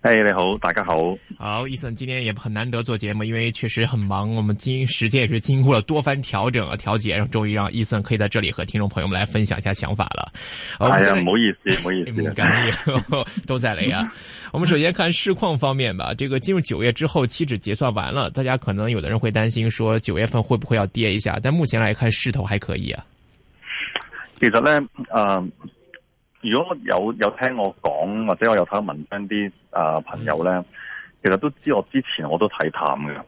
哎、hey，你好，大家好。好，Ethan，今天也很難得做節目，因為確實很忙。我們今時間也是經過了多番調整、調節，然後終於讓 Ethan 可以在這裏和聽眾朋友們來分享一下想法了。哎呀，不好意思，不好意思，都在嘞。 你啊， 我們首先看市況方面吧。這個進入九月之後，期指結算完了，大家可能有的人會擔心說九月份會不會要跌一下，但目前來看勢頭還可以啊。其實呢，嗯、呃。如果有有聽我講，或者我有睇文章啲啊朋友咧、嗯，其實都知我之前我都睇淡嘅、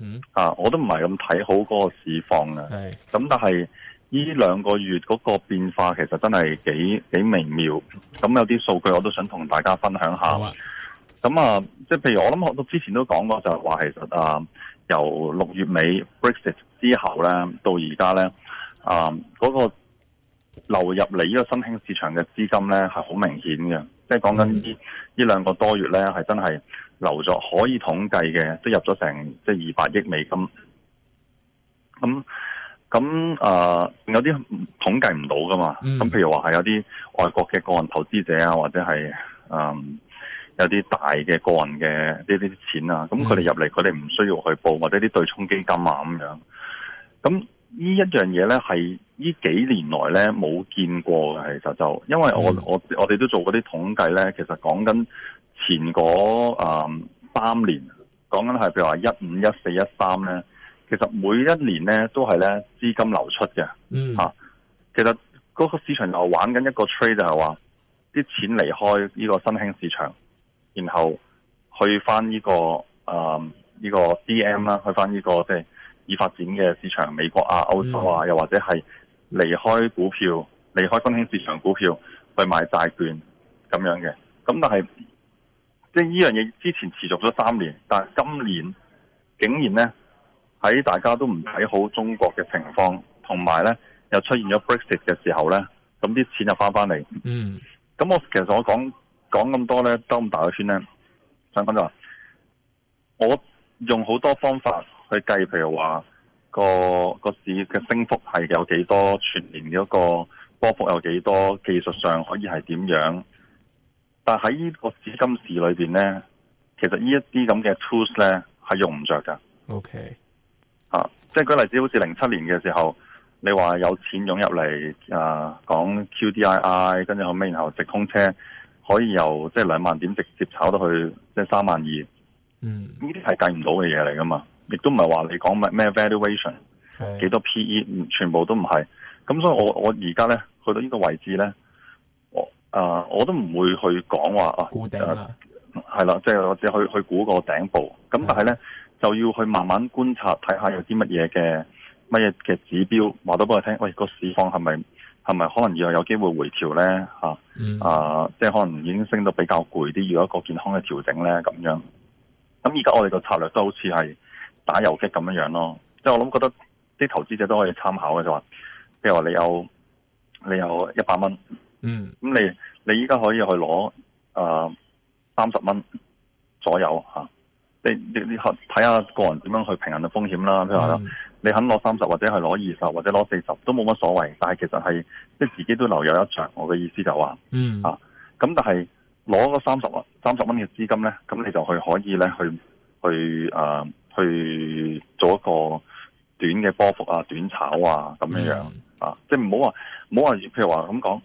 嗯，啊，我都唔係咁睇好嗰個市況嘅。咁但係呢兩個月嗰個變化其實真係幾幾微妙。咁有啲數據我都想同大家分享下。咁啊，啊，即係譬如我諗我都之前都講過，就係話其實啊，由六月尾 Brexit 之後咧，到而家咧啊嗰個流入嚟呢個新興市場嘅資金咧，係好明顯嘅，即係講緊呢呢兩個多月咧，係真係流咗可以統計嘅，都入咗成即係二百億美金。咁咁誒，有啲統計唔到噶嘛？咁、嗯、譬如話係有啲外國嘅個人投資者啊，或者係誒、呃、有啲大嘅個人嘅呢啲錢啊，咁佢哋入嚟，佢哋唔需要去報，或者啲對沖基金啊咁樣咁。呢一樣嘢呢，係呢幾年來呢冇見過嘅，其實就因為我、嗯、我哋都做嗰啲統計呢，其實講緊前嗰誒、嗯、三年，講緊係譬如話一五一四一三咧，其實每一年呢都係呢資金流出嘅、嗯啊，其實嗰個市場又玩緊一個 trade 就係話啲錢離開呢個新興市場，然後去返呢、呢個誒呢、嗯呢個 DM 啦，嗯、去返呢、呢個即係。已發展嘅市場，美國啊、歐洲啊，又或者係離開股票、離開新興市場股票，去買債券咁樣嘅。咁但係即係呢樣嘢之前持續咗三年，但係今年竟然咧喺大家都唔睇好中國嘅情況，同埋咧又出現咗 Brexit 嘅時候咧，咁啲錢就翻翻嚟。嗯。咁我其實我講講咁多咧，兜咁大個圈咧，想講就係我用好多方法。去計，譬如話個個市嘅升幅係有幾多，全年嘅個波幅有幾多，技術上可以係點樣？但喺呢個資金市裏邊咧，其實這一些這樣的 tools 呢一啲咁嘅 tools 咧係用唔着嘅。O、okay. K，啊，即係舉例子，好似零七年嘅時候，你話有錢湧入嚟啊，講 Q D I I，跟住後尾，然後直通車可以由即係兩萬點直接炒到去即係三萬二。嗯，呢啲係計唔到嘅嘢嚟噶嘛？亦都唔係話你講咩 valuation，幾多 PE，全部都唔係咁，所以我我而家咧去到呢個位置咧，我啊、呃、我都唔會去講話啊，係啦，即係或者去去估個頂部咁，但係咧就要去慢慢觀察，睇下有啲乜嘢嘅乜嘢嘅指標，話多俾我聽。喂，個市況係咪係咪可能以後有機會回調咧？吓啊，即、嗯、係、呃就是、可能已經升到比較攰啲，要一個健康嘅調整咧，咁樣咁。而家我哋個策略都好似係。打遊擊咁樣樣咯，即係我諗，覺得啲投資者都可以參考嘅，就話，譬如話你有你有一百蚊，嗯，咁你你依家可以去攞誒三十蚊左右吓、啊，你你你睇下個人點樣去平衡嘅風險啦。譬如話啦、嗯，你肯攞三十或者係攞二十或者攞四十都冇乜所謂，但係其實係即係自己都留有一場，我嘅意思就話、是，嗯咁、啊、但係攞個三十啊三十蚊嘅資金咧，咁你就去可以咧去去誒。呃去做一個短嘅波幅啊、短炒啊咁樣、mm. 啊，即唔好話唔好話，譬如話咁講，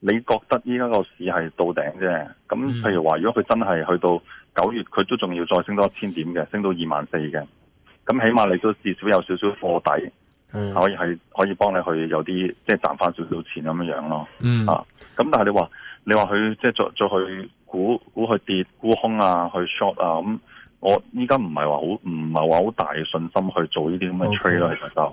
你覺得依家個市係到頂啫？咁譬如話，mm. 如果佢真係去到九月，佢都仲要再升多一千點嘅，升到二萬四嘅，咁起碼你都至少有少少貨底、mm. 啊，可以係可以幫你去有啲即係賺翻少少錢咁樣樣咯。Mm. 啊，咁但係你話你話佢即係再再去估估去跌沽空啊，去 short 啊咁。嗯我依家唔係話好，唔係話好大信心去做呢啲咁嘅 trade 啦，其實就。Okay.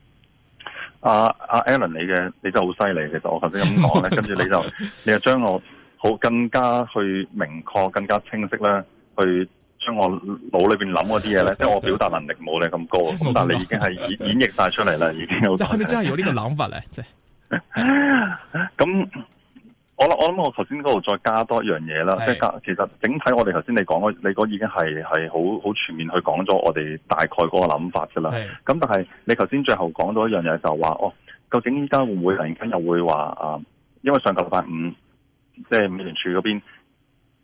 阿阿 Allen，你嘅，你真係好犀利。其實我頭先咁講咧，跟住你就你就將我好更加去明確、更加清晰啦，去將我腦裏邊諗嗰啲嘢咧，即係我表達能力冇你咁高，但係你已經係演演繹晒出嚟啦，已經。即係你真係有呢個諗法咧，即係咁。我我諗我頭先嗰度再加多一樣嘢啦，即係加，其實整體我哋頭先你講嗰你嗰已經係係好好全面去講咗我哋大概嗰個諗法噶啦。咁但係你頭先最後講到一樣嘢就話哦，究竟依家會唔會突然間又會話啊？因為上個禮拜五，即係美聯儲嗰邊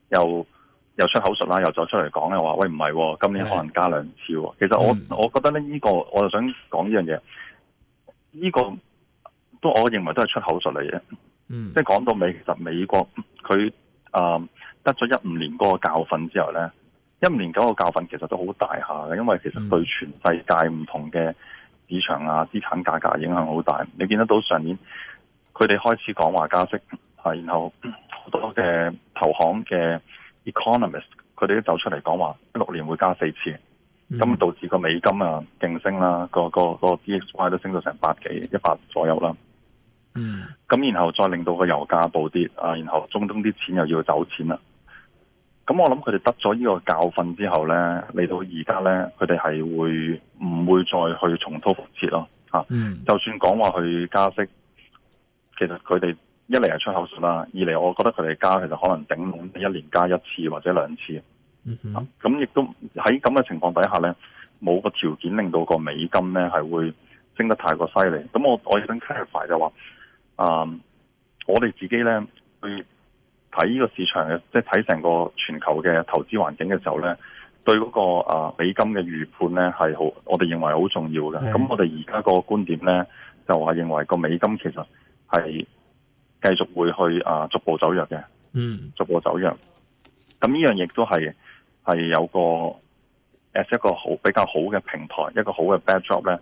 又又出口術啦，又再出嚟講又話喂唔係、哦，今年可能加兩次。其實我、嗯、我覺得咧、這、呢個我就想講呢樣嘢，呢、這個都我認為都係出口術嚟嘅。嗯，即係講到尾，其實美國佢誒、呃、得咗一五年嗰個教訓之後咧，一五年嗰個教訓其實都好大下嘅，因為其實對全世界唔同嘅市場啊、資產價格影響好大。你見得到上年佢哋開始講話加息，係然後好多嘅投行嘅 economist，佢哋都走出嚟講話一六年會加四次，咁、嗯、導致個美金啊勁升啦，個個個 dxy 都升到成百幾、一百左右啦。嗯，咁然後再令到個油價暴跌啊，然後中東啲錢又要走錢啦。咁我諗佢哋得咗呢個教訓之後咧，嚟到而家咧，佢哋係會唔會再去重蹈覆轍咯？就算講話去加息，其實佢哋一嚟係出口數啦，二嚟我覺得佢哋加其實可能頂籠一年加一次或者兩次，咁、嗯啊、亦都喺咁嘅情況底下咧，冇個條件令到個美金咧係會升得太過犀利。咁我我有啲看法就話。啊、um，我哋自己咧去睇呢個市場嘅，即係睇成個全球嘅投資環境嘅時候咧，對嗰、那個啊，美金嘅預判咧係好，我哋認為好重要嘅。咁我哋而家個觀點咧就話認為個美金其實係繼續會去啊逐步走弱嘅。嗯，逐步走弱。咁呢樣亦都係，係有個 as 一個好比較好嘅平台，一個好嘅 backdrop 咧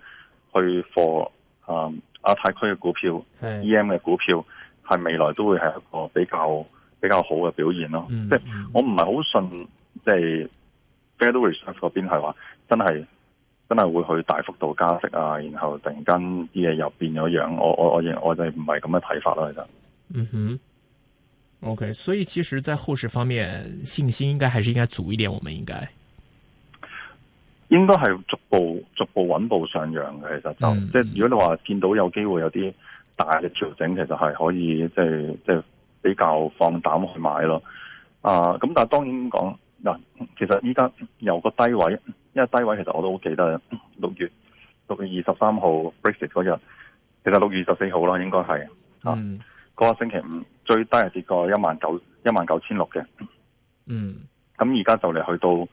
去 for、啊亞太區嘅股票、EM 嘅股票，係未來都會係一個比較比較好嘅表現咯、嗯。即係我唔係好信，即係 Federal Reserve 嗰邊係話真係真係會去大幅度加息啊，然後突然間啲嘢又變咗樣，我我我認我就唔係咁嘅睇法啦，其實。嗯哼，OK，所以其實，在後市方面，信心應該還是應該足一點，我們應該。應該係逐步逐步穩步上揚嘅，其實就即係、嗯、如果你話見到有機會有啲大嘅調整，其實係可以即係即係比較放膽去買咯。啊、呃，咁但係當然講嗱、呃，其實依家由個低位，因為低位其實我都好記得，六月六月二十三號 Brexit 嗰日，其實六月二十四號啦，應該係啊，嗰、呃嗯個星期五最低係跌過一萬九一萬九千六嘅。嗯，咁而家就嚟去到。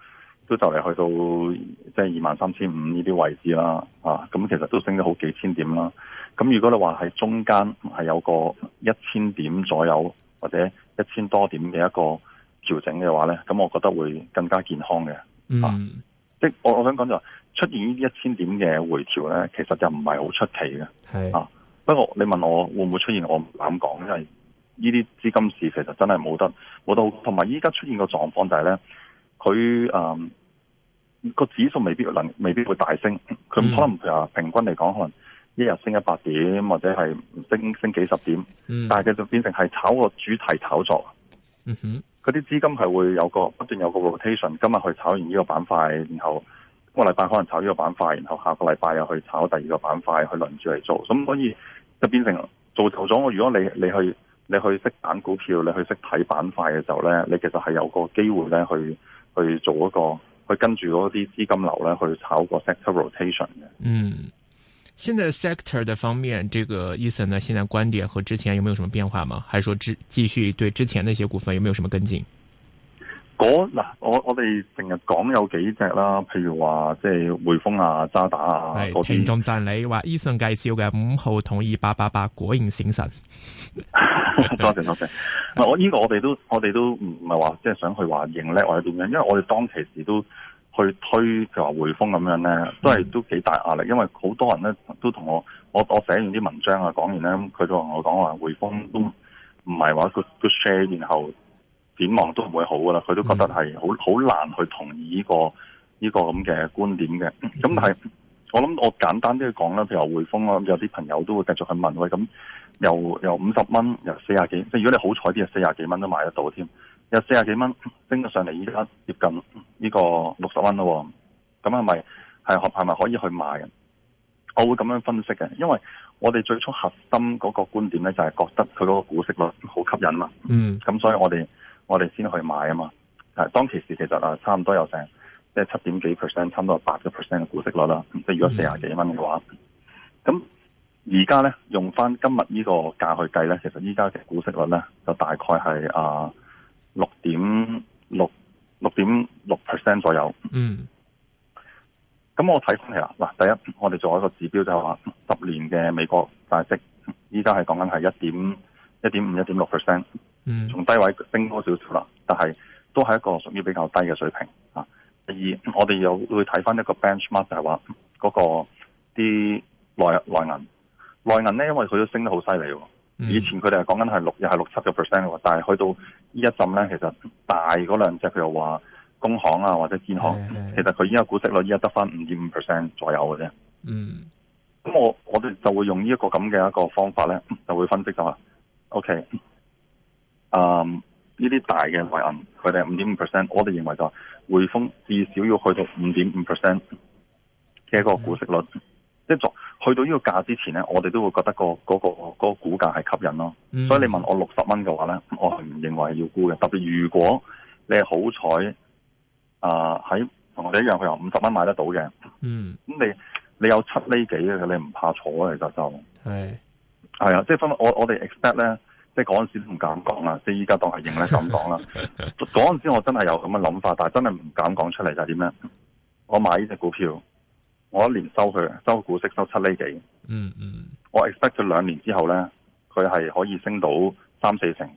都就嚟去到即係二萬三千五呢啲位置啦，啊，咁其實都升咗好幾千點啦。咁、啊、如果你話係中間係有個一千點左右或者一千多點嘅一個調整嘅話咧，咁我覺得會更加健康嘅、啊。嗯即，即係我我想講就係、是、出現 1, 呢一千點嘅回調咧，其實就唔係好出奇嘅。係啊，不過你問我會唔會出現，我唔敢講，因為呢啲資金市其實真係冇得冇到，同埋依家出現個狀況就係、是、咧，佢誒。嗯那個指數未必能，未必會大升。佢可能平平均嚟講，可能一日升一百點，或者係升升幾十點。但係佢就變成係炒個主題炒作。嗯哼，嗰啲資金係會有個不斷有個 rotation，今日去炒完呢個板塊，然後個禮拜可能炒呢個板塊，然後下個禮拜又去炒第二個板塊，去輪住嚟做。咁所以就變成做頭咗。我如果你你去你去識揀股票，你去識睇板塊嘅時候咧，你其實係有個機會咧去去做一個。跟住嗰啲資金流咧，去炒個 sector rotation 嘅。嗯，現在 sector 的方面，這個 Ethan 呢，現在觀點和之前有冇有什麼變化嗎？還是說之，之繼續對之前那些股份有冇有什麼跟進？嗱，我我哋成日講有幾隻啦，譬如話即係匯豐啊、渣打啊，哎、聽眾讚你話 Ethan 介紹嘅五號同二八八八果然醒神。 多謝多謝，我呢個我哋都我哋都唔係話即係想去話認叻或者點樣，因為我哋當其時都去推譬如話匯豐咁樣咧，都係都幾大壓力，因為好多人咧都同我我我寫完啲文章啊，講完咧，佢就同我講話匯豐都唔係話佢佢 share，然後點望都唔會好噶啦，佢都覺得係好好難去同意呢個呢個咁嘅觀點嘅，咁但係。我諗我簡單啲講啦，譬如匯豐啊，有啲朋友都會繼續去問喂，咁由由五十蚊，由四十幾，即係如果你好彩啲，四十幾蚊都買得到添。有四十幾蚊升到上嚟，依家接近呢個六十蚊咯。咁係咪係係咪可以去買嘅？我會咁樣分析嘅，因為我哋最初核心嗰個觀點咧，就係覺得佢嗰個股息率好吸引嘛。嗯。咁所以我哋我哋先去買啊嘛。係，當其時其實啊，差唔多有成。即係七點幾 percent，差唔多係八個 percent 嘅股息率啦。即係如果四廿幾蚊嘅話，咁而家咧用翻今日呢個價去計咧，其實依家嘅股息率咧就大概係啊六點六六點六 percent 左右。嗯，咁我睇翻嚟啦，嗱，第一我哋做一個指標就係話十年嘅美國大息，依家係講緊係一點一點五、一點六 percent。嗯，從低位升多少少啦，但係都係一個屬於比較低嘅水平。我哋又會睇翻一個 benchmark 就係話嗰個啲內內銀，內銀咧因為佢都升得好犀利，以前佢哋係講緊係六又係六七個 percent，嘅但係去到一呢一陣咧，其實大嗰兩隻佢又話工行啊或者建行、嗯，其實佢依家股息率依家得翻五點五 percent 左右嘅啫。嗯，咁我我哋就會用呢一個咁嘅一個方法咧，就會分析咗。O K，嗯，呢啲大嘅內銀，佢哋五點五 percent，我哋認為就是。匯豐至少要去到五點五 percent 嘅一個股息率，即係去到呢個價之前咧，我哋都會覺得，嗰個，嗰個，嗰個股價係吸引咯，嗯。所以你問我六十蚊嘅話咧，我係唔認為要沽嘅。特別如果你係好彩啊喺同我哋一樣，佢有五十蚊買得到嘅。嗯，咁你你有七厘幾嘅，你唔怕坐啊？其實就係係啊，即係分，分我我哋 expect 咧。即係嗰陣時都唔敢講啦，即係依家當係認咧咁講啦。嗰 陣時我真係有咁嘅諗法，但係真係唔敢講出嚟就係點咧？我買呢隻股票，我一年收佢，收股息收七厘幾。嗯嗯，我 expect 咗兩年之後咧，佢係可以升到三四成。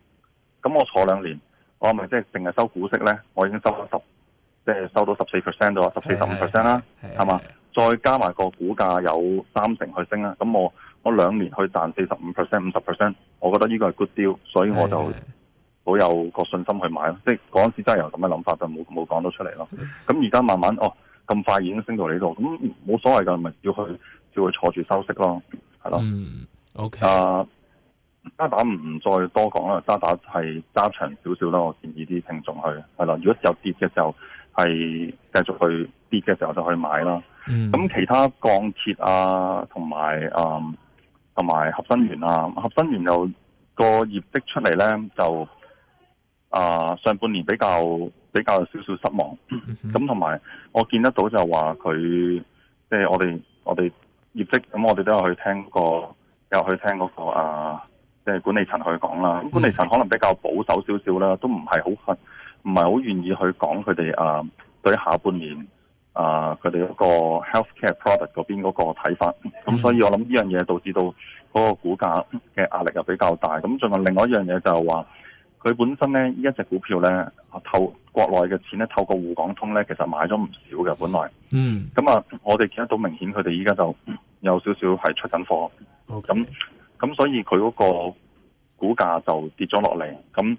咁我坐兩年，我咪即係淨係收股息咧？我已經收咗十，即係收到十四 percent 到十四十五 percent 啦，係嘛、嗯嗯嗯？再加埋個股價有三成去升啦，咁我。我兩年去賺四十五 percent、五十 percent，我覺得呢個係 good deal，所以我就好有個信心去買咯。是是是，即係嗰陣時真係有咁嘅諗法，就冇冇講到出嚟咯。咁而家慢慢哦，咁快已經升到呢度，咁冇所謂噶，咪要去，要去坐住收息咯，係咯。嗯，OK 啊，渣打唔再多講啦，渣打係揸長少少咯。我建議啲聽眾去係啦。如果有跌嘅時候，係繼續去跌嘅時候就去買啦。咁、嗯、其他鋼鐵啊，同埋同埋合生元啊，合生元有個業績出嚟咧，就啊上半年比較比較有少少失望，咁同埋我見得到就話佢，即係我哋我哋業績，咁我哋都有去聽過，有去聽嗰個，又去聽嗰個啊，即係管理層去講啦。咁管理層可能比較保守少少啦，都唔係好肯，唔係好願意去講佢哋啊對下半年。啊！佢哋嗰個 healthcare product 嗰邊嗰個睇法，咁所以我諗呢樣嘢導致到嗰個股價嘅壓力又比較大。咁仲有另外一樣嘢就係話，佢本身咧呢這一隻股票咧，透國內嘅錢咧透過滬港通咧，其實買咗唔少嘅本來。嗯。咁啊，我哋見得到明顯佢哋依家就有少少係出緊貨。咁、okay。咁所以佢嗰個股價就跌咗落嚟。咁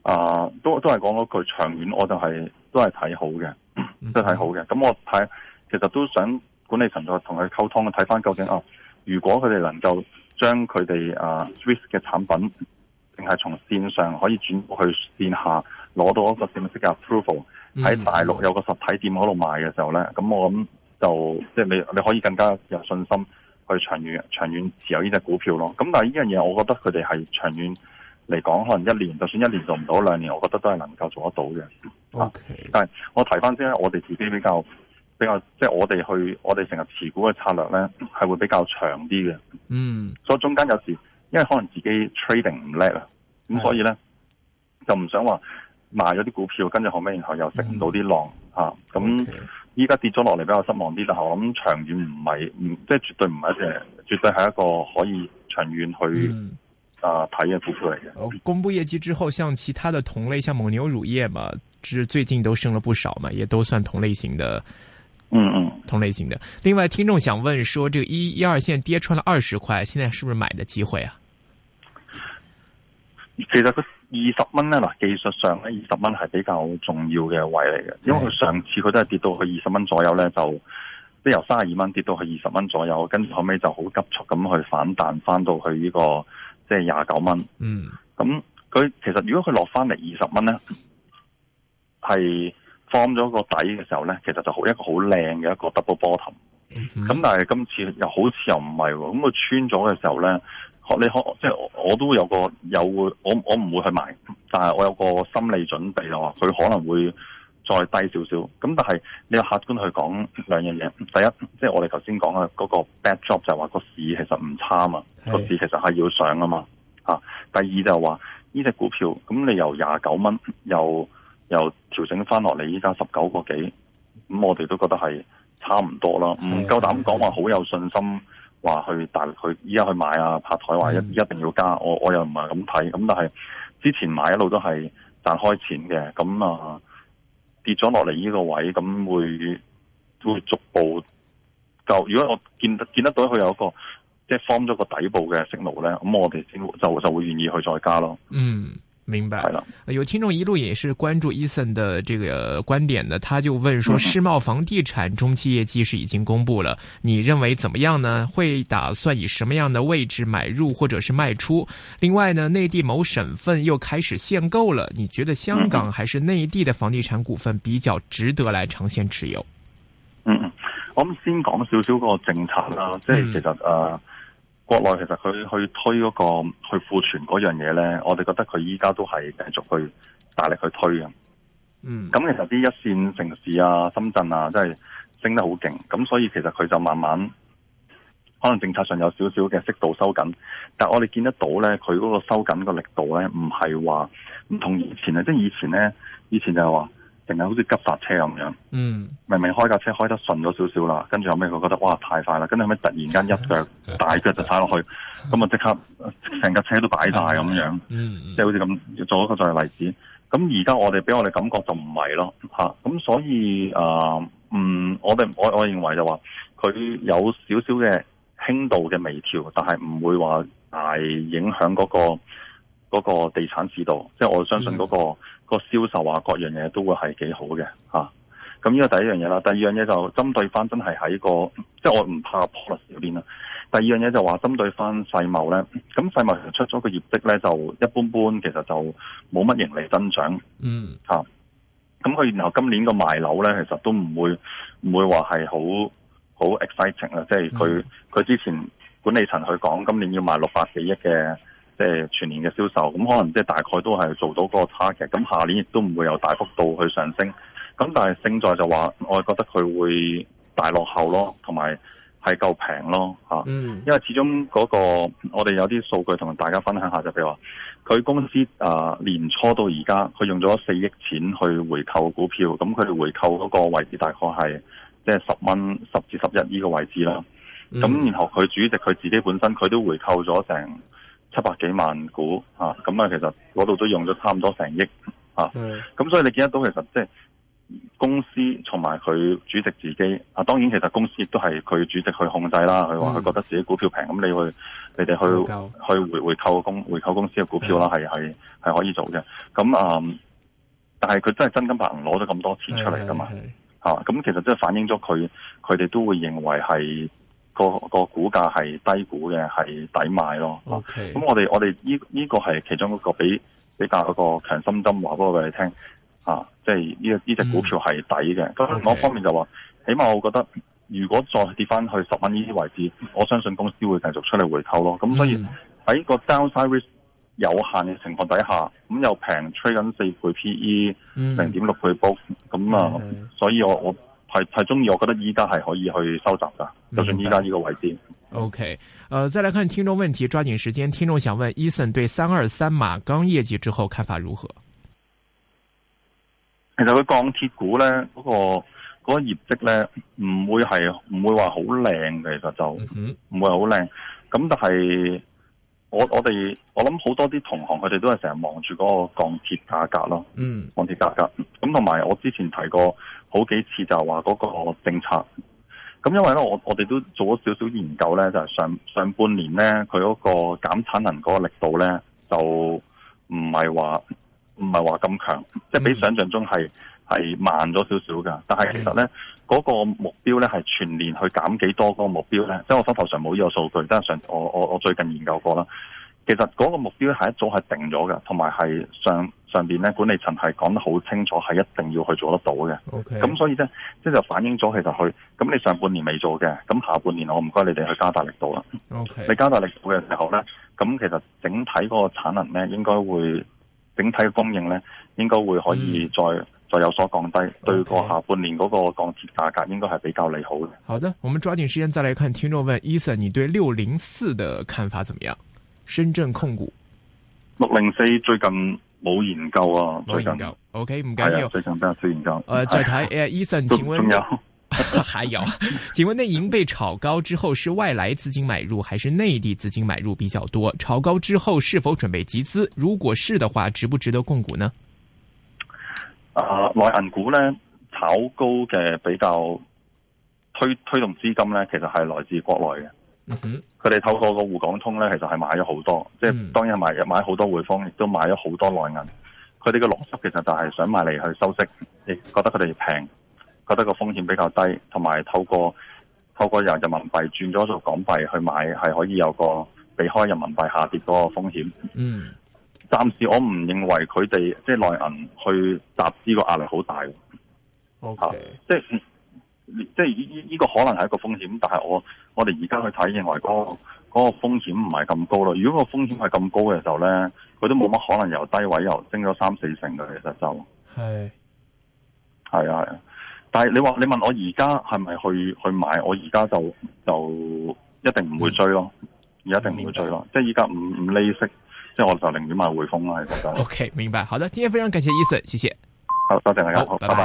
啊，都都係講嗰句，長遠我就係、係、都係睇好嘅。都、嗯、係好嘅，咁我睇其實都想管理層度同佢溝通，睇翻究竟啊，如果佢哋能夠將佢哋啊 Swiss 嘅產品，定係從線上可以轉去線下攞到一個正式嘅 Approval 喺、嗯、大陸有個實體店嗰度賣嘅時候呢，咁我諗就即係你你可以更加有信心去長遠長遠持有呢隻股票咯。咁但係呢樣嘢，我覺得佢哋係長遠嚟講，可能一年就算一年做唔到，兩年我覺得都係能夠做得到嘅。O、okay. K、啊、但係我提翻先，我哋自己比較比較即係、就是、我哋去我哋成日持股嘅策略咧，係會比較長啲嘅。嗯，所以中間有時因為可能自己 trading 唔叻啦，咁、嗯、所以咧、哎、就唔想話賣咗啲股票，跟住後尾然後又食唔到啲浪吓。咁依家跌咗落嚟比較失望啲，但係我諗長遠唔係唔即係絕對唔係一隻，絕對係一個可以長遠去、嗯、啊睇嘅股票嚟嘅。公布業績之後，像其他的同類，像蒙牛乳業嘛。其實最近都升了不少嘛，也都算同類型的，嗯嗯，同類型的。另外，聽眾想問說，這個一一二線跌穿了二十塊，現在是不是買的機會啊？其實佢二十蚊呢，嗱技術上咧，二十蚊係比較重要嘅位嚟嘅，因為佢上次佢都係跌到去二十蚊左右咧，就即由三十二蚊跌到去二十蚊左右，跟住後尾就好急速咁去反彈翻到去呢個即係廿九蚊。嗯，咁佢其實如果佢落翻嚟二十蚊咧。係放咗個底嘅時候咧，其實就好一個好靚嘅一個 double bottom。mm-hmm. 咁但係今次又好似又唔係咁，佢穿咗嘅時候咧，你可即係我，我都有個有會，我我唔會去買，但係我有個心理準備咯，佢可能會再低少少。咁但係你要客觀去講兩樣嘢，第一即係我哋頭先講嘅嗰個 bad job 就係話個市其實唔差嘛，個市其實係要上啊嘛。第二就話呢隻股票咁，你由廿九蚊又。由又調整翻落嚟，依家十九個幾，咁我哋都覺得係差唔多啦，唔夠膽講話好有信心話去大陸去，去依家去買啊，拍台話一一定要加，我我又唔係咁睇，咁但係之前買一路都係賺開錢嘅，咁啊跌咗落嚟呢個位，咁會會逐步夠，如果我見見得到佢有一個即係、就是、form 咗個底部嘅信號咧，咁我哋先就就會願意去再加咯。嗯。明白了。有聽眾一路也是關注 Eason 的這個觀點的，他就問說：世茂房地產中期業績是已經公布了，你認為怎麼樣呢？會打算以什麼樣的位置買入或者是賣出？另外呢，內地某省份又開始限購了，你覺得香港還是內地的房地產股份比較值得來長線持有？嗯嗯，我們先講少少個政策啦，即係其實、嗯、呃國內其實佢，那個、去推嗰個去庫存嗰樣嘢呢，我哋覺得佢依家都係繼續去大力去推呀。嗯，咁其實啲一線城市啊，深圳啊，真係升得好勁，咁所以其實佢就慢慢可能政策上有少少嘅適度收緊，但係我哋見得到呢，佢嗰個收緊嘅力度呢，唔係話唔同以前啊，即係以前呢，以前就係話，定係好似急剎車咁樣，嗯，明明開架車開得順咗少少啦，跟住後屘佢覺得哇太快啦，跟住後屘突然間一腳大腳就踩落去，咁啊即刻成架車都擺大咁樣，嗯，即係好似咁做一個作為例子。咁而家我哋俾我哋感覺就唔係咯，吓、啊，咁所以啊，嗯，我哋我我認為就話佢有少少嘅輕度嘅微調，但係唔會話大影響嗰個嗰個地產市道，即係我相信嗰個。嗯個銷售啊，各樣嘢都會係幾好嘅，吓，咁呢個第一樣嘢啦。第二樣嘢就針對翻真係喺個，即係我唔怕 plus 嗰邊啦。第二樣嘢就話針對翻世茂咧，咁世茂其實出咗個業績咧就一般般，其實就冇乜盈利增長。嗯、啊，吓，咁佢然後今年個賣樓咧，其實都唔會唔會話係好好 exciting 啦。即係佢佢之前管理層佢講今年要賣六百幾億嘅。即係全年嘅銷售，咁可能即係大概都係做到嗰個 target。咁下年亦都唔會有大幅度去上升。咁但係勝在就話，我覺得佢會大落後咯，同埋係夠平咯吓。嗯，因為始終嗰、嗰個我哋有啲數據同大家分享下，就譬如話佢公司啊年初到而家，佢用咗四億錢去回購股票，咁佢哋回購嗰個位置大概係即係十蚊十至十一呢個位置啦。咁、mm. 然後佢主席佢自己本身佢都回購咗成七百幾萬股嚇，咁啊、嗯，其實嗰度都用咗差唔多成億嚇，咁、啊、所以你見得到其實即係公司同埋佢主席自己啊，當然其實公司亦都係佢主席去控制啦。佢話佢覺得自己股票平，咁你去你哋去去回回購公回購公司嘅股票啦，係係係可以做嘅。咁啊、嗯，但係佢真係真金白銀攞咗咁多錢出嚟噶嘛嚇，咁、啊嗯、其實即係反映咗佢佢哋都會認為係。個個股價係低股嘅，係抵買咯。咁、okay. 啊、我哋我哋呢依個係其中一個比比較個強心針，話俾我哋聽啊，即係呢呢隻股票係抵嘅。咁另一方面就話，起碼我覺得如果再跌翻去十蚊呢啲位置，我相信公司會繼續出嚟回購咯。咁、mm. 啊、所以喺個 downside risk 有限嘅情況底下，咁、嗯、又平，吹緊四倍 PE 零點六倍 book，咁、mm. 啊，mm. 所以我我。係係中意，我覺得依家係可以去收集噶，就算依家呢個位置。OK，呃，再來看聽眾問題，抓緊時間，聽眾想問，Ethan 對三二三馬鋼業績之後看法如何？其實佢鋼鐵股咧，嗰個嗰個業績咧，唔會係唔會話好靚嘅，其實就嗯，唔會好靚。咁但係。我我哋我諗好多啲同行佢哋都係成日望住嗰個鋼鐵價格咯，鋼鐵價格咁同埋我之前提過好幾次就係話嗰個政策，咁因為咧我我哋都做咗少少研究咧，就係上上半年咧佢嗰個減產能嗰個力度咧就唔係話唔係話咁強，即係比想象中係。係慢咗少少㗎。但係其實咧嗰、okay. 個目標咧係全年去減幾多個目標咧，即、就、係、是、我心頭上冇呢個數據，但係上我我我最近研究過啦，其實嗰個目標係一早係定咗嘅，同埋係上上邊咧管理層係講得好清楚，係一定要去做得到嘅。咁、okay. 所以咧即係就是、反映咗其實去，咁你上半年未做嘅，咁下半年我唔該你哋去加大力度啦。Okay. 你加大力度嘅時候咧，咁其實整體嗰個產能咧應該會整體嘅供應咧應該會可以再。嗯就有所降低，okay. 對個下半年嗰個降息打價格應該係比較利好嘅。好的，我們抓緊時間再來看聽眾問：Ethan 你對六零四的看法怎麼樣？深圳控股六零四最近冇研究啊，最近有 O K，唔緊要，最近比較少研究。誒、呃，再睇誒，Ethan 請問 還有，請問內銀被炒高之後，是外來資金買入還是內地資金買入比較多？炒高之後是否準備集資？如果是的話，值不值得供股呢？啊、uh，內銀股咧炒高嘅比較推推動資金咧，其實係來自國內嘅。佢、okay. 哋透過個滬港通咧，其實係買咗好多。Mm. 即係當然買買好多匯豐，亦都買咗好多內銀。佢哋嘅邏輯其實就係想買嚟去收息，覺得佢哋平，覺得個風險比較低，同埋透過透過由人民幣轉咗做港幣去買，係可以有個避開人民幣下跌嗰個風險。嗯、mm.。暫時我唔認為佢哋即係內銀去集資個壓力好大，ok、啊、即係即係呢呢呢個可能係一個風險，但係我我哋而家去睇，認為嗰個嗰個風險唔係咁高咯。如果個風險係咁高嘅時候咧，佢都冇乜可能由低位又升咗三四成嘅，其實就係係啊係啊，但係你話你問我而家係咪去去買？我而家就就一定唔會追咯，而、嗯、家一定唔會追咯，即係而家五五厘息。即係我就寧願買匯豐啦，其 實。O、okay, K，明白，好的，今天非常感謝 Ethan，謝謝。好，多謝大家，拜、oh, 拜。Bye -bye. Bye -bye.